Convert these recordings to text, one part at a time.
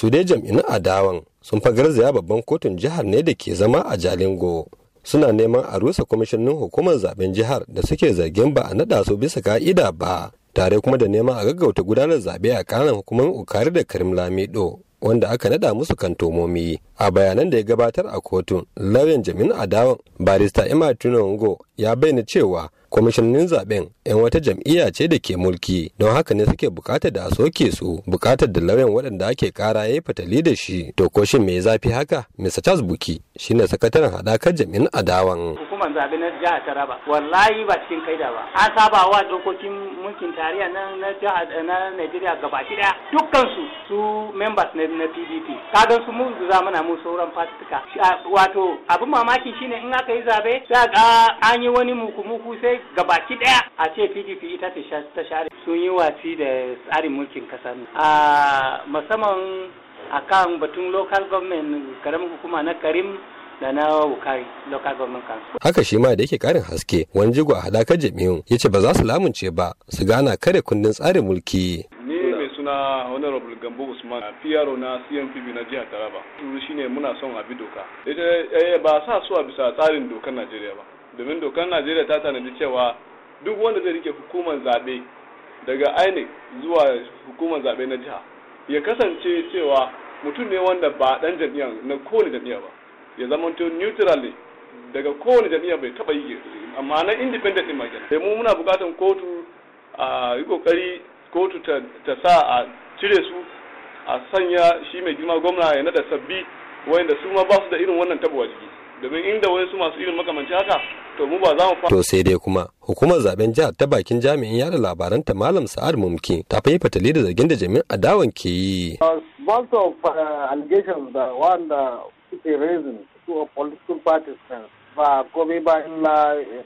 su dai jam'in adawan sun fa garzaya babban kotun jihar ne da ke zama a jalingo suna neman a rusa kwamishinin hukumar zaben jihar da suke zargin ba a nada su bisa ka'ida ba tare kuma da neman a gaggauta gudanar zabe a kanan hukumar ukari da karim lamido wanda aka nada musu kantomomi a bayanan da ya gabatar a kotun lauyan jami'in adawan barista emma tunongo ya bayyana cewa kwamishinin zaben 'yan wata jam'iyya ce da ke mulki don haka ne suke bukatar da a soke su bukatar da lauyan waɗanda ake kara ya yi fatali da shi to ko shin me zafi haka mr charles buki shine sakataren haɗakar jam'in adawan hukumar zabe na jiha taraba wallahi ba cikin kai da ba an saba wa dokokin mulkin tarayya na na na Najeriya gabaki daya dukkan su su members na na PDP ga su mun za na mu sauran fatuka wato abin mamaki shine in aka yi zabe sai ga an yi wani muku muku sai gabaki daya a ce PDP ita ta share sun yi watsi da tsarin mulkin kasa a musamman akan batun local government karamin hukuma na Karim da na wukari local government council. Haka shi ma da yake karin haske wani jigo a haɗakar jami'u ya ce ba za su lamunce ba su gana kare kundin tsarin mulki. Ni mai suna honorable gambo usman PRO na cnpb na jihar taraba shine muna son a bi doka ita eh, ba sa su a bisa tsarin dokar najeriya ba domin dokar najeriya ta tanadi cewa duk wanda zai rike hukumar zaɓe daga inec zuwa hukumar zaɓe na jiha ya kasance cewa mutum ne wanda ba ɗan jami'a na kowane jami'a ba ya zamanto neutral ne daga kowane jami'a bai taba yi amma na independent ma kenan sai mu muna bukatan kotu a yi kokari kotu ta sa a cire su a sanya shi mai girma gwamna ya nada sabbi wayanda su ma ba da irin wannan tabuwa jiki domin inda su masu irin makamanci haka to mu ba za mu to sai dai kuma hukumar zaben jihar ta bakin jami'in yada labaran ta malam sa'ad mumki ta fa yi fatali da zargin da jami'in adawan ke yi most of allegations da wanda the reason to a political participant ba komai ba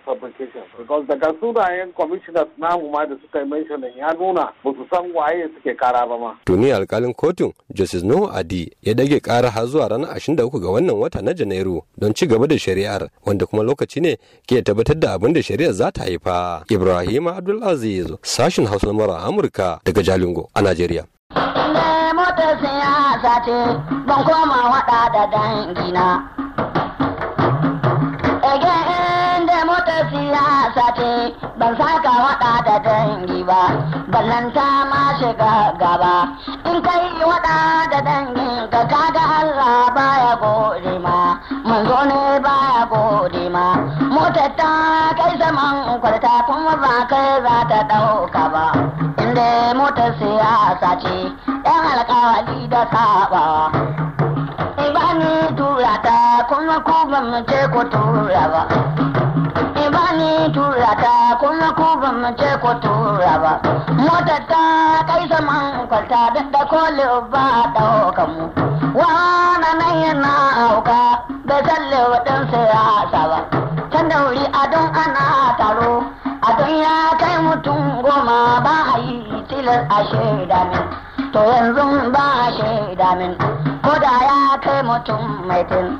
fabrication because daga sunayen commissioners na namuma da suka yi mentioning ya nuna ba su san waye suke kara ba ma. Duniya alkalin kotun Justice no Adi ya dage kara har zuwa ranar 23 ga wannan wata na Janairu don ci gaba da shari'ar wanda kuma lokaci ne ke tabbatar da abin da shari'ar za ta haifa. Ibrahim Abdulaziz sashin Hausa na Amurka daga Jalingo a Najeriya. motar siyasa sace ban koma waɗa da dangina. Ege inda motar siyasa sace, ban saka waɗa da dangi ba, ballanta ma shiga gaba. In kai waɗa da dangi ka kaga Allah baya gode ma, manzo ne baya gode ma. mota ta kai zaman kwarta kuma ba kai za ta ɗauka ba. Inda motar siyasa sace. daɗi da kaɓa. Iba ni tura ta kuma ku ce ku tura ba. Iba ni tura ta kuma ku ce ku tura ba. mota ta kai saman kwalta da da koli ba ɗaukan mu. Wana nan yana auka da zalle wadan sai a saba. Can da wuri adon ana taro, adon ya kai mutum goma ba a tilar a shaida min to yanzu ba a shaida min ko da ya kai mutum mai tin